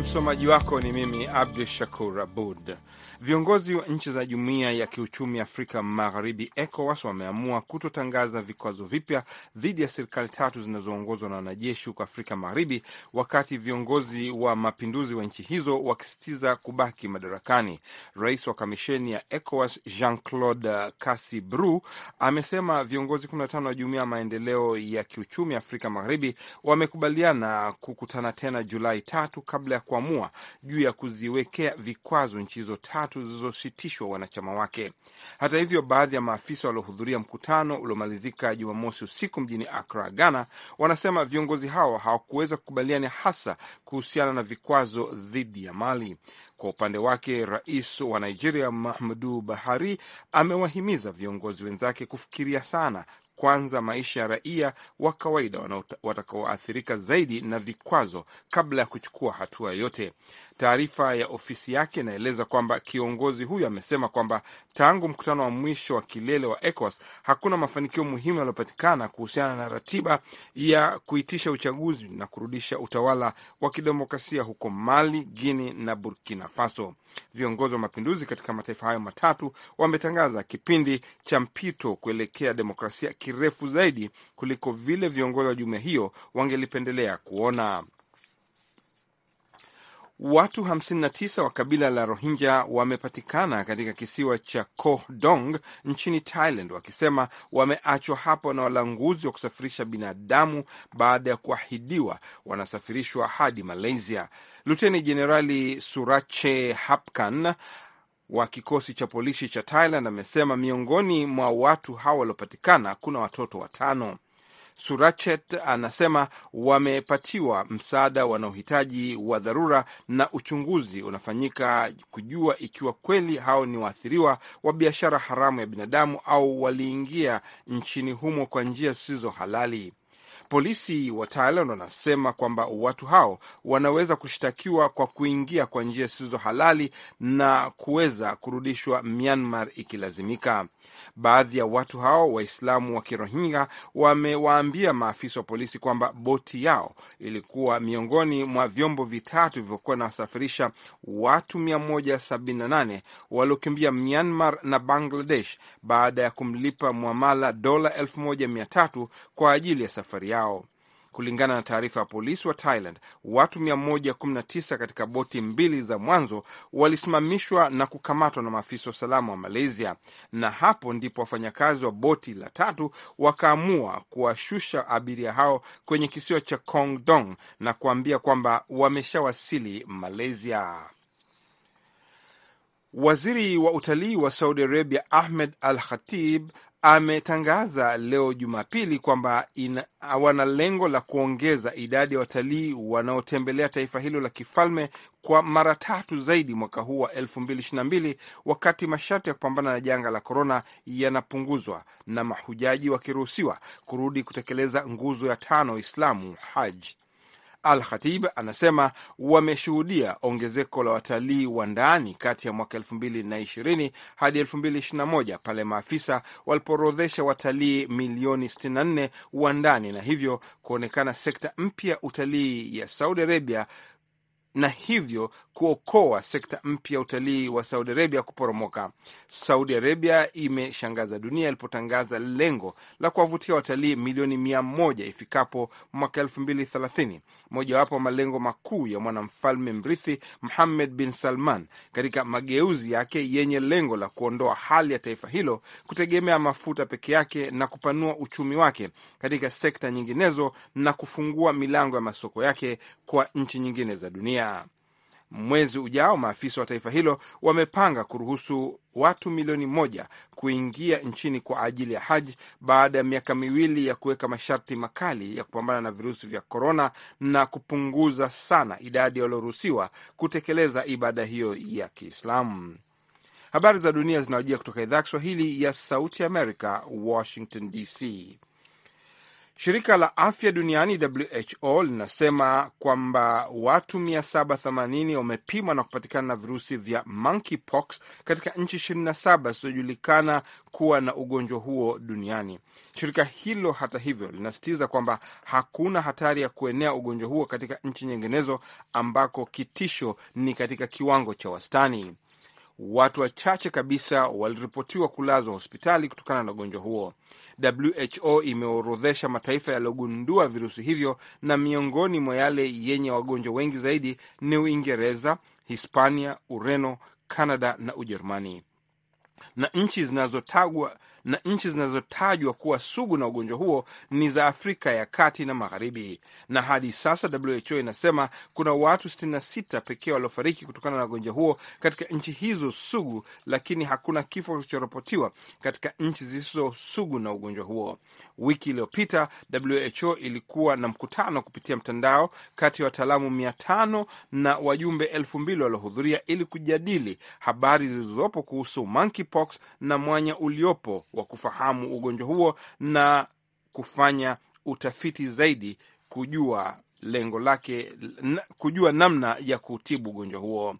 Msomaji wako ni mimi Abdu Shakur Abud. Viongozi wa nchi za jumuiya ya kiuchumi Afrika Magharibi, ECOWAS, wameamua kutotangaza vikwazo vipya dhidi ya serikali tatu zinazoongozwa na wanajeshi huko Afrika Magharibi, wakati viongozi wa mapinduzi wa nchi hizo wakisisitiza kubaki madarakani. Rais wa kamisheni ya ECOWAS Jean Claude Bru amesema viongozi 15 wa jumuiya ya maendeleo ya kiuchumi Afrika Magharibi wamekubaliana kukutana tena Julai tatu kabla ya kuamua juu ya kuziwekea vikwazo nchi hizo tatu zilizositishwa wanachama wake. Hata hivyo, baadhi ya maafisa waliohudhuria mkutano uliomalizika Jumamosi usiku mjini akra Ghana, wanasema viongozi hao hawakuweza kukubaliana hasa kuhusiana na vikwazo dhidi ya Mali. Kwa upande wake, rais wa Nigeria Muhammadu Buhari amewahimiza viongozi wenzake kufikiria sana kwanza maisha ya raia wa kawaida watakaoathirika zaidi na vikwazo kabla ya kuchukua hatua yoyote. Taarifa ya ofisi yake inaeleza kwamba kiongozi huyo amesema kwamba tangu mkutano wa mwisho wa kilele wa ECOWAS hakuna mafanikio muhimu yaliyopatikana kuhusiana na ratiba ya kuitisha uchaguzi na kurudisha utawala wa kidemokrasia huko Mali, Guinea na Burkina Faso. Viongozi wa mapinduzi katika mataifa hayo matatu wametangaza kipindi cha mpito kuelekea demokrasia kirefu zaidi kuliko vile viongozi wa jumuiya hiyo wangelipendelea kuona. Watu 59 wa kabila la Rohingya wamepatikana katika kisiwa cha Koh Dong nchini Thailand, wakisema wameachwa hapo na walanguzi wa kusafirisha binadamu. Baada ya kuahidiwa, wanasafirishwa hadi Malaysia. Luteni Jenerali Surache Hapkan wa kikosi cha polisi cha Thailand amesema miongoni mwa watu hawa waliopatikana kuna watoto watano. Surachet anasema wamepatiwa msaada wanaohitaji wa dharura na uchunguzi unafanyika kujua ikiwa kweli hao ni waathiriwa wa biashara haramu ya binadamu au waliingia nchini humo kwa njia zisizo halali. Polisi wa Thailand wanasema kwamba watu hao wanaweza kushtakiwa kwa kuingia kwa njia zisizo halali na kuweza kurudishwa Myanmar ikilazimika. Baadhi ya watu hao Waislamu wa Kirohingya wamewaambia maafisa wa polisi kwamba boti yao ilikuwa miongoni mwa vyombo vitatu vilivyokuwa inawasafirisha watu 178 waliokimbia Myanmar na Bangladesh baada ya kumlipa mwamala dola 1300 kwa ajili ya safari yao yao. Kulingana na taarifa ya polisi wa Thailand, watu 119 katika boti mbili za mwanzo walisimamishwa na kukamatwa na maafisa wa usalama wa Malaysia, na hapo ndipo wafanyakazi wa boti la tatu wakaamua kuwashusha abiria hao kwenye kisiwa cha Kong Dong na kuambia kwamba wameshawasili Malaysia. Waziri wa utalii wa Saudi Arabia Ahmed Al Khatib ametangaza leo Jumapili kwamba wana lengo la kuongeza idadi ya watalii wanaotembelea taifa hilo la kifalme kwa mara tatu zaidi mwaka huu wa 2022 wakati masharti ya kupambana na janga la korona yanapunguzwa na mahujaji wakiruhusiwa kurudi kutekeleza nguzo ya tano Islamu, haji Al Khatib anasema wameshuhudia ongezeko la watalii wa ndani kati ya mwaka ishirini hadi moja pale maafisa walipoorodhesha watalii milioni 64 wa ndani na hivyo kuonekana sekta mpya utalii ya Saudi Arabia na hivyo kuokoa sekta mpya ya utalii wa Saudi Arabia kuporomoka. Saudi Arabia imeshangaza dunia ilipotangaza lengo la kuwavutia watalii milioni mia moja ifikapo mwaka elfu mbili thelathini, mojawapo malengo makuu ya mwanamfalme mrithi Muhammed bin Salman katika mageuzi yake yenye lengo la kuondoa hali ya taifa hilo kutegemea mafuta peke yake na kupanua uchumi wake katika sekta nyinginezo na kufungua milango ya masoko yake kwa nchi nyingine za dunia. Mwezi ujao maafisa wa taifa hilo wamepanga kuruhusu watu milioni moja kuingia nchini kwa ajili ya haji baada ya miaka miwili ya kuweka masharti makali ya kupambana na virusi vya korona na kupunguza sana idadi walioruhusiwa kutekeleza ibada hiyo ya Kiislamu. Habari za dunia zinawajia kutoka idhaa ya Kiswahili ya Sauti Amerika, Washington DC. Shirika la afya duniani WHO linasema kwamba watu 780 wamepimwa na kupatikana na virusi vya monkeypox katika nchi 27 zilizojulikana kuwa na ugonjwa huo duniani. Shirika hilo hata hivyo linasisitiza kwamba hakuna hatari ya kuenea ugonjwa huo katika nchi nyinginezo ambako kitisho ni katika kiwango cha wastani watu wachache kabisa waliripotiwa kulazwa hospitali kutokana na ugonjwa huo. WHO imeorodhesha mataifa yaliyogundua virusi hivyo, na miongoni mwa yale yenye wagonjwa wengi zaidi ni Uingereza, Hispania, Ureno, Kanada na Ujerumani na nchi zinazotagwa na nchi zinazotajwa kuwa sugu na ugonjwa huo ni za Afrika ya kati na magharibi. Na hadi sasa WHO inasema kuna watu 66 pekee waliofariki kutokana na ugonjwa huo katika nchi hizo sugu, lakini hakuna kifo kilichoripotiwa katika nchi zisizo sugu na ugonjwa huo. Wiki iliyopita WHO ilikuwa na mkutano kupitia mtandao kati ya wataalamu 500 na wajumbe 2000 waliohudhuria ili kujadili habari zilizopo kuhusu monkeypox na mwanya uliopo wa kufahamu ugonjwa huo na kufanya utafiti zaidi kujua lengo lake, kujua namna ya kutibu ugonjwa huo.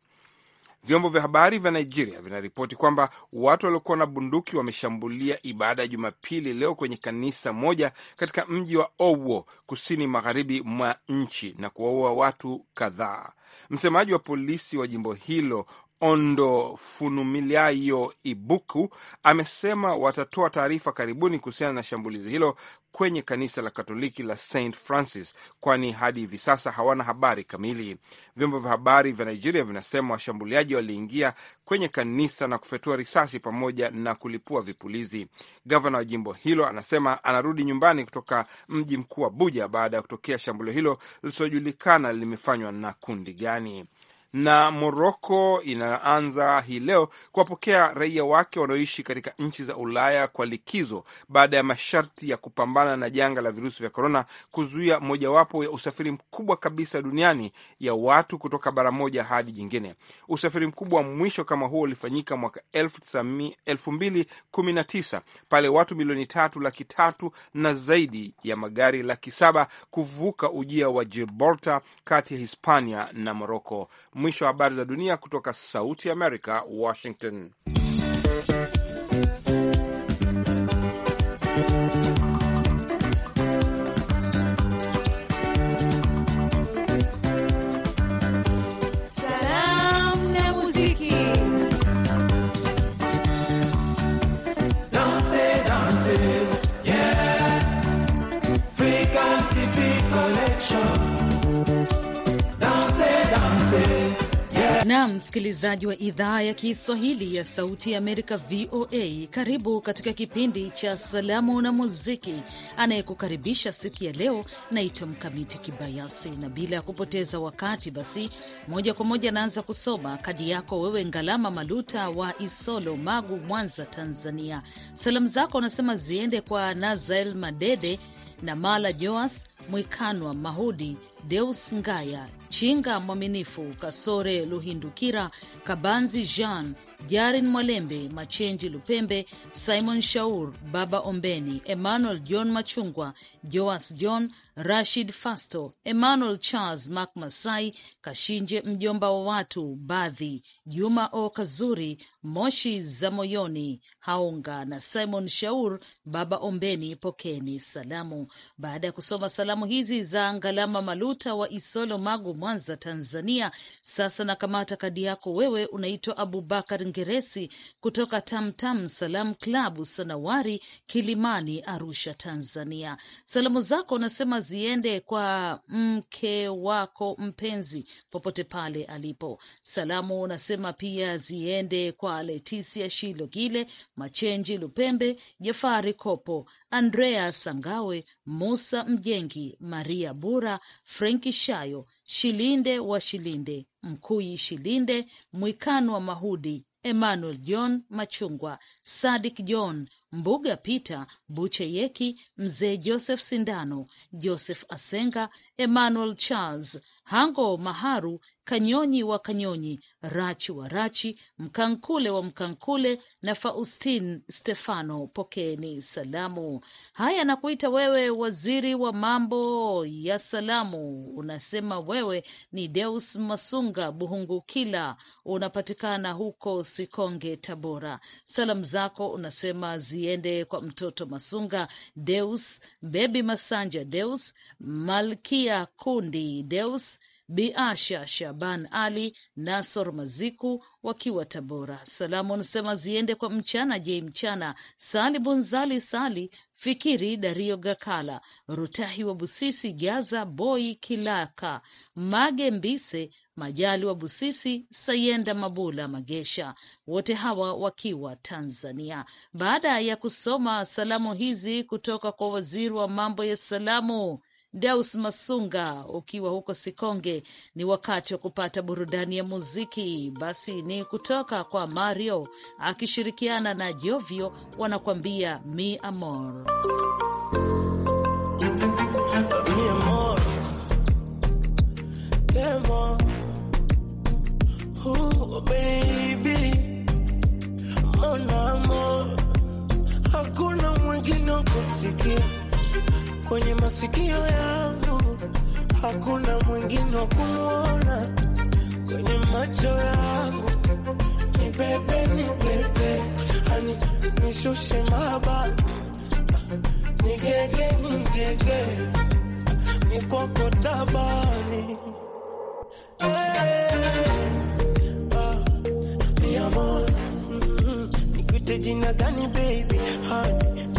Vyombo vya habari vya Nigeria vinaripoti kwamba watu waliokuwa na bunduki wameshambulia ibada ya Jumapili leo kwenye kanisa moja katika mji wa Owo, kusini magharibi mwa nchi na kuwaua watu kadhaa. Msemaji wa polisi wa jimbo hilo Ondo Funumiliayo Ibuku amesema watatoa taarifa karibuni kuhusiana na shambulizi hilo kwenye kanisa la Katoliki la St Francis, kwani hadi hivi sasa hawana habari kamili. Vyombo vya habari vya Nigeria vinasema washambuliaji waliingia kwenye kanisa na kufyatua risasi pamoja na kulipua vipulizi. Gavana wa jimbo hilo anasema anarudi nyumbani kutoka mji mkuu wa Abuja baada ya kutokea shambulio hilo lisilojulikana limefanywa na kundi gani na Moroko inaanza hii leo kuwapokea raia wake wanaoishi katika nchi za Ulaya kwa likizo baada ya masharti ya kupambana na janga la virusi vya korona kuzuia mojawapo ya usafiri mkubwa kabisa duniani ya watu kutoka bara moja hadi jingine. Usafiri mkubwa wa mwisho kama huo ulifanyika mwaka 2019 pale watu milioni tatu laki tatu na zaidi ya magari laki saba kuvuka ujia wa Gibraltar kati ya Hispania na Moroko. Mwisho wa habari za dunia kutoka Sauti Amerika, Washington. na msikilizaji wa idhaa ya Kiswahili ya Sauti ya Amerika, VOA, karibu katika kipindi cha Salamu na Muziki. Anayekukaribisha siku ya leo naitwa Mkamiti Kibayasi, na bila ya kupoteza wakati, basi moja kwa moja naanza kusoma kadi yako wewe, Ngalama Maluta wa Isolo, Magu, Mwanza, Tanzania. Salamu zako unasema ziende kwa Nazael Madede na Mala Joas Mwikanwa Mahudi, Deus Ngaya, Chinga Mwaminifu, Kasore Luhindukira, Kabanzi Jean Jarin Mwalembe, Machenji Lupembe, Simon Shaur, Baba Ombeni, Emmanuel John Machungwa, Joas John, Rashid Fasto, Emmanuel Charles Mak Masai, Kashinje mjomba wa watu, Badhi Juma O Kazuri, Moshi za Moyoni, haunga na Simon Shaur, Baba Ombeni, pokeni salamu. Baada ya kusoma salamu hizi za Ngalama Maluta wa Isolo, Magu, Mwanza, Tanzania, sasa nakamata kadi yako wewe, unaitwa Abubakar Ngeresi kutoka Tamtam Salam Klabu Sanawari, Kilimani, Arusha, Tanzania. Salamu zako unasema ziende kwa mke wako mpenzi popote pale alipo. Salamu unasema pia ziende kwa Letisia Shilogile, Machenji Lupembe, Jafari Kopo, Andrea Sangawe, Musa Mjengi, Maria Bura, Frenki Shayo, Shilinde wa Shilinde, Mkuyi Shilinde, Mwikano wa Mahudi, Emmanuel John Machungwa, Sadik John Mbuga, Peter Bucheyeki, Mzee Joseph Sindano, Joseph Asenga, Emmanuel Charles Hango Maharu Kanyonyi wa Kanyonyi Rachi wa Rachi Mkankule wa Mkankule na Faustin Stefano, pokeeni salamu. Haya, nakuita wewe waziri wa mambo ya salamu. Unasema wewe ni Deus Masunga Buhungukila, unapatikana huko Sikonge, Tabora. Salamu zako unasema ziende kwa mtoto Masunga Deus, Bebi Masanja Deus, Malkia Kundi Deus Biasha Shaban Ali, Nasor Maziku wakiwa Tabora. Salamu anasema ziende kwa Mchana Jei Mchana, Sali Bunzali, Sali Fikiri, Dario Gakala, Rutahi wa Busisi, Gaza Boi, Kilaka Mage Mbise, Majali wa Busisi, Sayenda Mabula Magesha, wote hawa wakiwa Tanzania. Baada ya kusoma salamu hizi kutoka kwa waziri wa mambo ya salamu Deus Masunga ukiwa huko Sikonge. Ni wakati wa kupata burudani ya muziki, basi ni kutoka kwa Mario akishirikiana na Jovio wanakuambia mi amor. Mi amor. Demo. Ooh, baby. Mon amor. Hakuna mwingine kusikia kwenye masikio yangu, hakuna mwingine wa kumwona kwenye macho yangu. Nibebe, nibebe, ani nishushe mabani nigege, nigege, nikwako tabani hey, eh, ah, mm-hmm. jina gani baby hani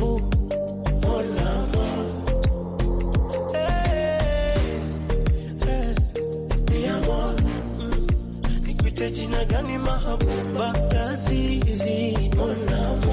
Jina gani mahabuba razizi mwanamwa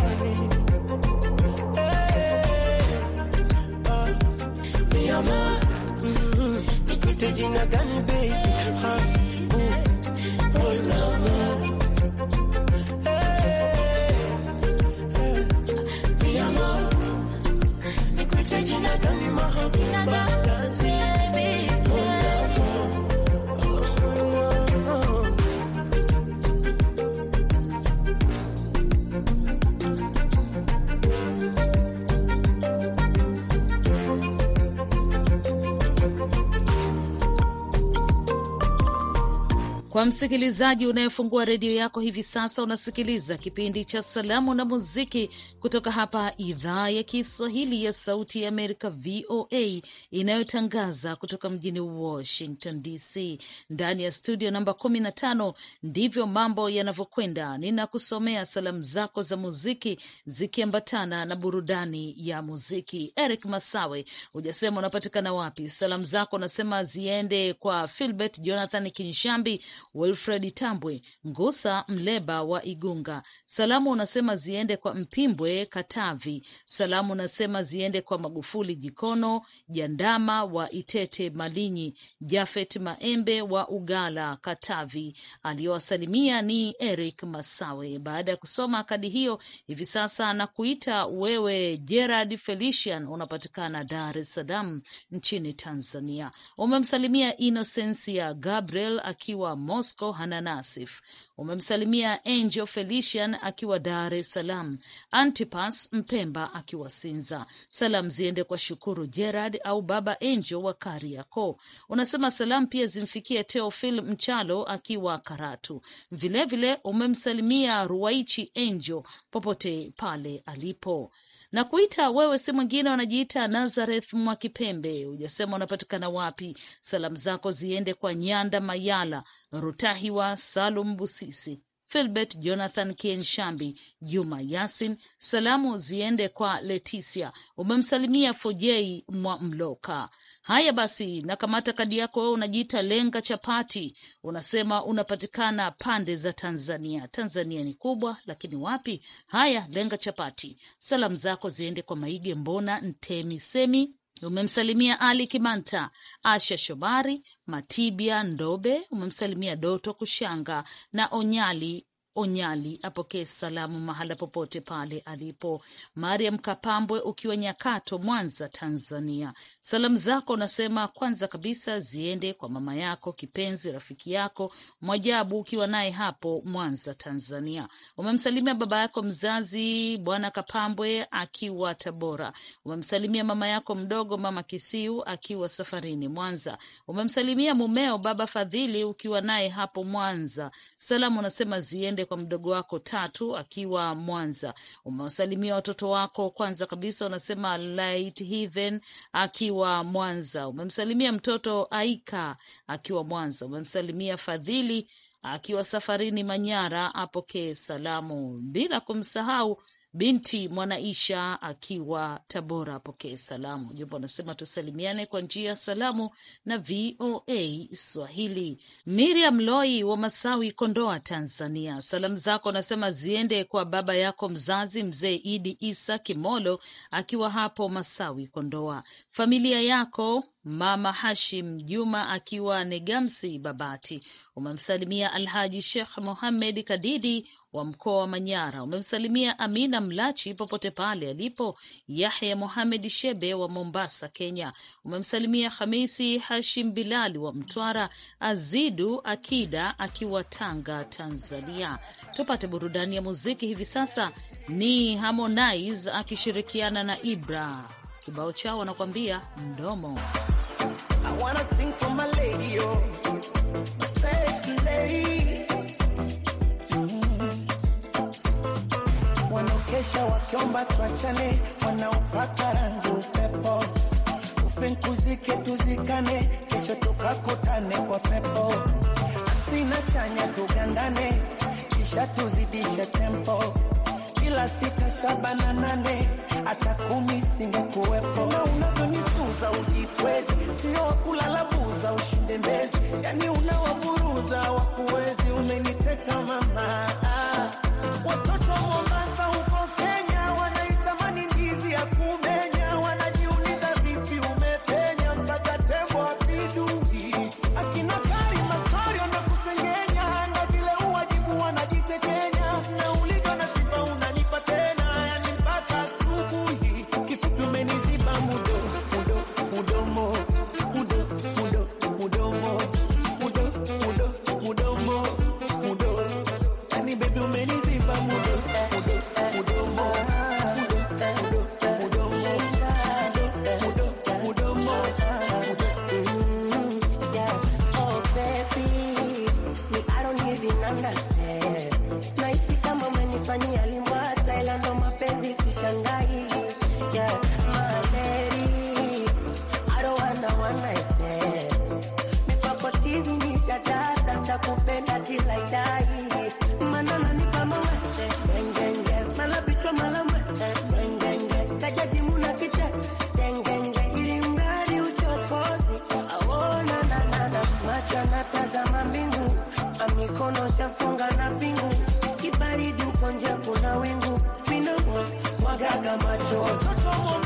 曾经的感情。Kwa msikilizaji unayefungua redio yako hivi sasa, unasikiliza kipindi cha Salamu na Muziki kutoka hapa idhaa ya Kiswahili ya Sauti ya Amerika, VOA, inayotangaza kutoka mjini Washington DC, ndani ya studio namba 15. Ndivyo mambo yanavyokwenda. Ninakusomea salamu zako za muziki zikiambatana na burudani ya muziki. Eric Masawe, hujasema unapatikana wapi. Salamu zako unasema ziende kwa Filbert Jonathan Kinshambi Wilfred Tambwe Ngusa Mleba wa Igunga. Salamu unasema ziende kwa Mpimbwe Katavi. Salamu unasema ziende kwa Magufuli Jikono Jandama wa Itete Malinyi, Jafet Maembe wa Ugala Katavi. Aliyowasalimia ni Eric Masawe. Baada ya kusoma kadi hiyo, hivi sasa na kuita wewe Gerard Felician, unapatikana Dar es Salaam nchini Tanzania. Umemsalimia ya Gabriel akiwa Mos Moscow Hana Nasif umemsalimia Angel Felician akiwa Dar es Salaam, Antipas Mpemba akiwa Sinza. Salamu ziende kwa Shukuru Gerard au Baba Angel wa Kariakoo. Unasema salamu pia zimfikie Teofil Mchalo akiwa Karatu. Vilevile vile umemsalimia Ruwaichi Angel popote pale alipo na kuita wewe si mwingine, wanajiita Nazareth Mwakipembe, hujasema unapatikana wapi. Salamu zako ziende kwa Nyanda Mayala, Rutahiwa Salum Busisi, Filbert Jonathan Kienshambi, Juma Yasin. Salamu ziende kwa Leticia, umemsalimia Fojei Mwamloka. Haya basi, nakamata kadi yako wewe, unajiita Lenga Chapati, unasema unapatikana pande za Tanzania. Tanzania ni kubwa, lakini wapi? Haya, Lenga Chapati, salamu zako ziende kwa Maige Mbona Ntemi Semi umemsalimia Ali Kimanta, Asha Shomari, Matibia Ndobe, umemsalimia Doto Kushanga na Onyali Onyali apokee salamu mahala popote pale alipo. Mariam Kapambwe ukiwa Nyakato, Mwanza, Tanzania, salamu zako unasema kwanza kabisa ziende kwa mama yako kipenzi, rafiki yako Mwajabu ukiwa naye hapo Mwanza, Tanzania. Umemsalimia baba yako mzazi Bwana Kapambwe akiwa Tabora. Umemsalimia mama yako mdogo Mama Kisiu akiwa safarini Mwanza. Umemsalimia mumeo Baba Fadhili ukiwa naye hapo Mwanza. Salamu unasema ziende sare kwa mdogo wako Tatu akiwa Mwanza. Umewasalimia watoto wako, kwanza kabisa unasema Light Heaven akiwa Mwanza. Umemsalimia mtoto Aika akiwa Mwanza. Umemsalimia Fadhili akiwa safarini Manyara, apokee salamu, bila kumsahau binti Mwanaisha akiwa Tabora apokee salamu. Jumba anasema tusalimiane kwa njia ya salamu na VOA Swahili. Miriam Loi wa Masawi, Kondoa, Tanzania, salamu zako anasema ziende kwa baba yako mzazi mzee Idi Isa Kimolo akiwa hapo Masawi, Kondoa, familia yako Mama Hashim Juma akiwa Negamsi Babati, umemsalimia Alhaji shekh Mohamed Kadidi wa mkoa wa Manyara, umemsalimia Amina Mlachi popote pale alipo, Yahya muhamed Shebe wa Mombasa, Kenya, umemsalimia Hamisi Hashim Bilali wa Mtwara, Azidu Akida akiwa Tanga, Tanzania. Tupate burudani ya muziki hivi sasa, ni Harmonize akishirikiana na Ibra. Kibao chao wanakuambia mdomo. I Wanaokesha mm-hmm. wakiomba tuachane, wanaopaka rangi upepo, ufenkuzike tuzikane, kesho tukakutane kwa pepo, asina chanya tugandane, kisha tuzidishe tempo bila sita, saba na nane, hata kumi singekuwepo. Na unavyonisuza ujitwezi, sio wakulala buza, ushinde mbezi, yani unawaburuza wakuwezi, umeniteka mama, ah, watoto machozi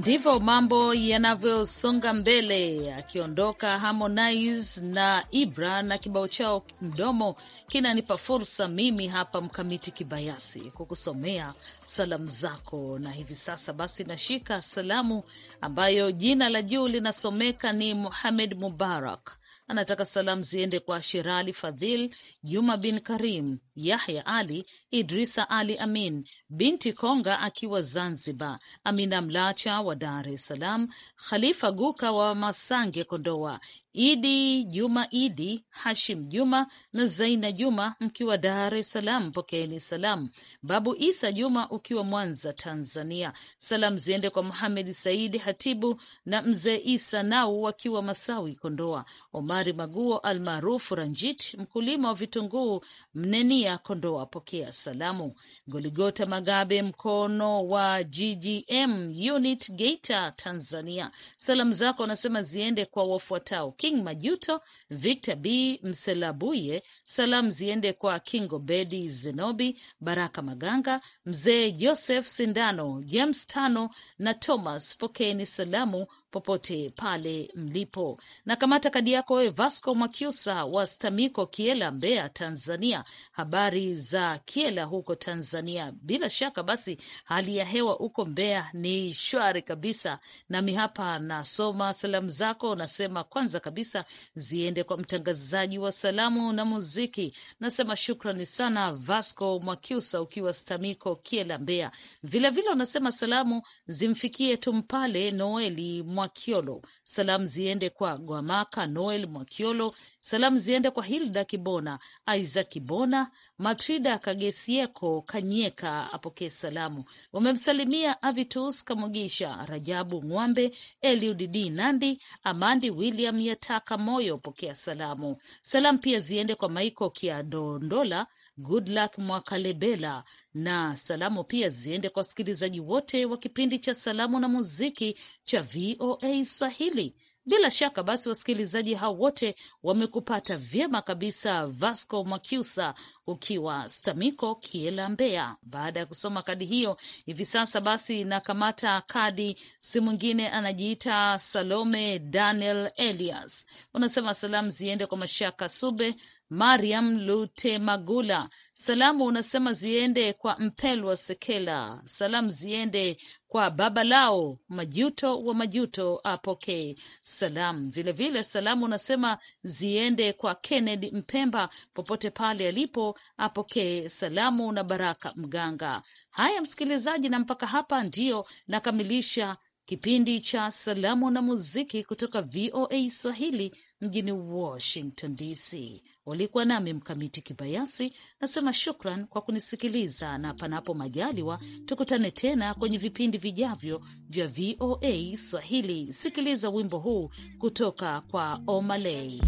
Ndivyo mambo yanavyosonga mbele, akiondoka Harmonize na Ibra na kibao chao mdomo kinanipa fursa mimi hapa mkamiti kibayasi kukusomea salamu zako. Na hivi sasa basi, nashika salamu ambayo jina la juu linasomeka ni Muhamed Mubarak anataka salamu ziende kwa Sherali Fadhil, Juma bin Karim, Yahya Ali, Idrisa Ali Amin, Binti Konga akiwa Zanzibar, Amina Mlacha wa Dar es Salaam, Khalifa Guka wa Masange, Kondoa, Idi Juma Idi, Hashim Juma na Zaina Juma mkiwa Dar es Salaam, pokeeni salamu. Babu Isa Juma ukiwa Mwanza, Tanzania, salamu ziende kwa Muhamed Saidi Hatibu na mzee Isa Nau wakiwa Masawi, Kondoa. Omari Maguo almaarufu Ranjit, mkulima wa vitunguu Mnenia, Kondoa, pokea salamu. Goligota Magabe mkono wa GGM unit Geita, Tanzania, salamu zako anasema ziende kwa wafuatao King Majuto, Victor B Mselabuye. Salamu ziende kwa Kingobedi Zenobi, Baraka Maganga, Mzee Joseph Sindano, James Tano na Thomas. Pokeni salamu popote pale mlipo. Na kamata kadi yako wewe, Vasco Mwakiusa wa Stamiko, Kiela, Mbeya, Tanzania. Habari za Kiela huko Tanzania. Bila shaka basi hali ya hewa huko Mbeya ni shwari kabisa, nami hapa nasoma salamu zako. Nasema kwanza kabisa ziende kwa mtangazaji wa salamu na muziki, nasema shukrani sana Vasco Mwakiusa ukiwa Stamiko, Kiela, Mbeya. Vilevile unasema salamu zimfikie Tumpale Noeli mwa Mwakiolo, salamu ziende kwa Gwamaka Noel Mwakiolo, salamu ziende kwa Hilda Kibona, Isaac Kibona, Matrida Kagesieko Kanyeka apokee salamu. Wamemsalimia Avitus Kamugisha, Rajabu Ng'wambe, Eliud Nandi, Amandi William Yataka Moyo, pokea salamu. Salamu pia ziende kwa Maiko Kiadondola Goodluck Mwakalebela na salamu pia ziende kwa wasikilizaji wote wa kipindi cha Salamu na Muziki cha VOA Swahili bila shaka basi, wasikilizaji hao wote wamekupata vyema kabisa, Vasco Makusa ukiwa Stamiko Kiela, Mbeya. Baada ya kusoma kadi hiyo, hivi sasa basi nakamata kadi, si mwingine anajiita Salome Daniel Elias. Unasema salamu ziende kwa Mashaka Sube, Mariam Lutemagula. Salamu unasema ziende kwa Mpelwa Sekela, salamu ziende kwa baba lao Majuto wa Majuto apokee salamu. Vilevile salamu unasema ziende kwa Kennedy Mpemba popote pale alipo, apokee salamu na Baraka Mganga. Haya msikilizaji, na mpaka hapa ndio nakamilisha kipindi cha Salamu na Muziki kutoka VOA Swahili mjini Washington DC. Walikuwa nami Mkamiti Kibayasi, nasema shukran kwa kunisikiliza, na panapo majaliwa tukutane tena kwenye vipindi vijavyo vya VOA Swahili. Sikiliza wimbo huu kutoka kwa Omaley.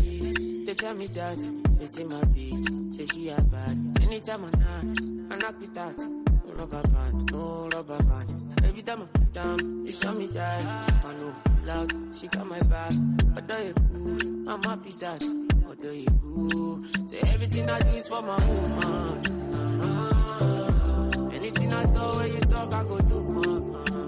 rubber band, no rubber band. Every time I put down, you show me that. If I know loud, she got my back. do you cool, I'm happy that. do you cool, say everything I do is for my woman. Uh-huh. Anything I saw when you talk, I go do. Uh-huh.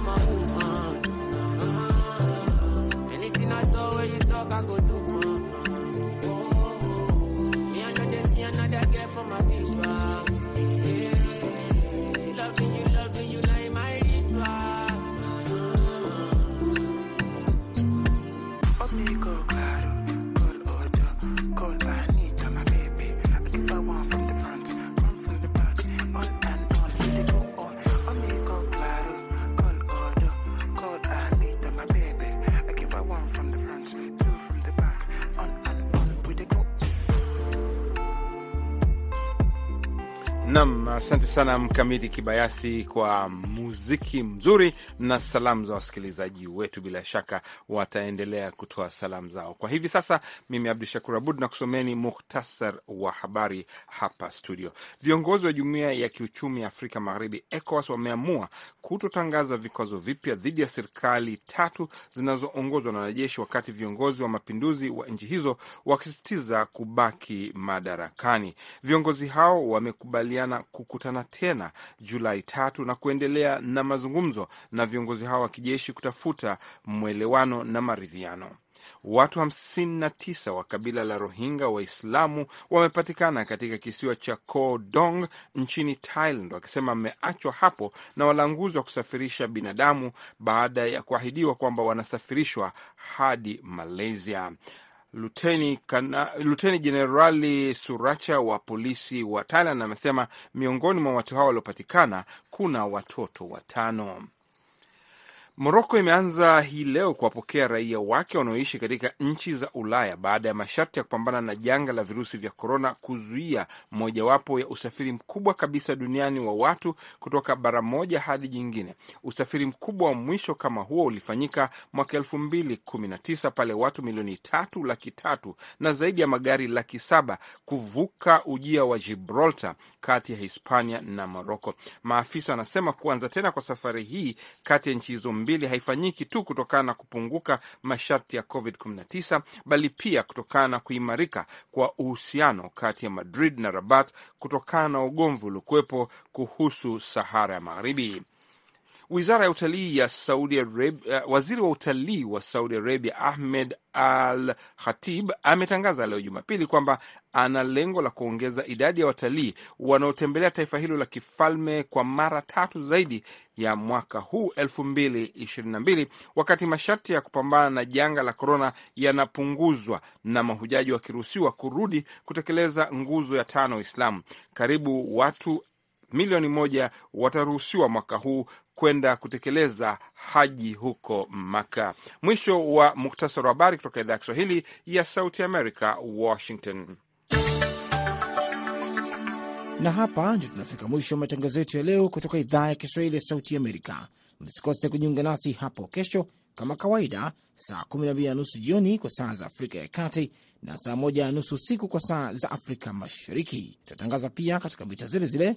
my woman. Uh, uh, uh. Anything I saw when you talk, I go Asante sana Mkamiti Kibayasi kwa mziki mzuri na salamu za wasikilizaji wetu. Bila shaka wataendelea kutoa salamu zao. Kwa hivi sasa, mimi Abdu Shakur Abud na kusomeni muhtasar wa habari hapa studio. Viongozi wa Jumuiya ya Kiuchumi ya Afrika Magharibi, ECOWAS, wameamua kutotangaza vikwazo vipya dhidi ya serikali tatu zinazoongozwa na wanajeshi, wakati viongozi wa mapinduzi wa nchi hizo wakisisitiza kubaki madarakani. Viongozi hao wamekubaliana kukutana tena Julai tatu na kuendelea na mazungumzo na viongozi hao wa kijeshi kutafuta mwelewano na maridhiano. Watu 59 wa kabila la Rohingya Waislamu wamepatikana katika kisiwa cha Koh Dong nchini Thailand, wakisema wameachwa hapo na walanguzi wa kusafirisha binadamu baada ya kuahidiwa kwamba wanasafirishwa hadi Malaysia. Luteni, kana, Luteni Jenerali Suracha wa polisi wa Thailand amesema miongoni mwa watu hao waliopatikana kuna watoto watano. Moroko imeanza hii leo kuwapokea raia wake wanaoishi katika nchi za Ulaya baada ya masharti ya kupambana na janga la virusi vya korona kuzuia mojawapo ya usafiri mkubwa kabisa duniani wa watu kutoka bara moja hadi jingine. Usafiri mkubwa wa mwisho kama huo ulifanyika mwaka elfu mbili kumi na tisa pale watu milioni tatu laki tatu na zaidi ya magari laki saba kuvuka ujia wa Gibraltar kati ya Hispania na Moroko. Maafisa wanasema kuanza tena kwa safari hii kati ya nchi hizo mbili haifanyiki tu kutokana na kupunguka masharti ya COVID-19 bali pia kutokana na kuimarika kwa uhusiano kati ya Madrid na Rabat kutokana na ugomvi uliokuwepo kuhusu Sahara ya Magharibi. Wizara ya utalii ya Saudi Arabia, eh, waziri wa utalii wa Saudi Arabia Ahmed Al Khatib ametangaza leo Jumapili kwamba ana lengo la kuongeza idadi ya watalii wanaotembelea taifa hilo la kifalme kwa mara tatu zaidi ya mwaka huu 2022 wakati masharti ya kupambana na janga la korona yanapunguzwa na mahujaji wakiruhusiwa kurudi kutekeleza nguzo ya tano Waislamu. Karibu watu milioni moja wataruhusiwa mwaka huu kwenda kutekeleza haji huko Maka. Mwisho wa muktasari wa habari kutoka idhaa ya Kiswahili ya Sauti Amerika, Washington. Na hapa ndio tunafika mwisho wa matangazo yetu ya leo kutoka idhaa ya Kiswahili ya Sauti Amerika. Msikose kujiunga nasi hapo kesho kama kawaida, saa 12 na nusu jioni kwa saa za Afrika ya Kati na saa 1 na nusu usiku kwa saa za Afrika Mashariki. Tutatangaza pia katika mita zile zile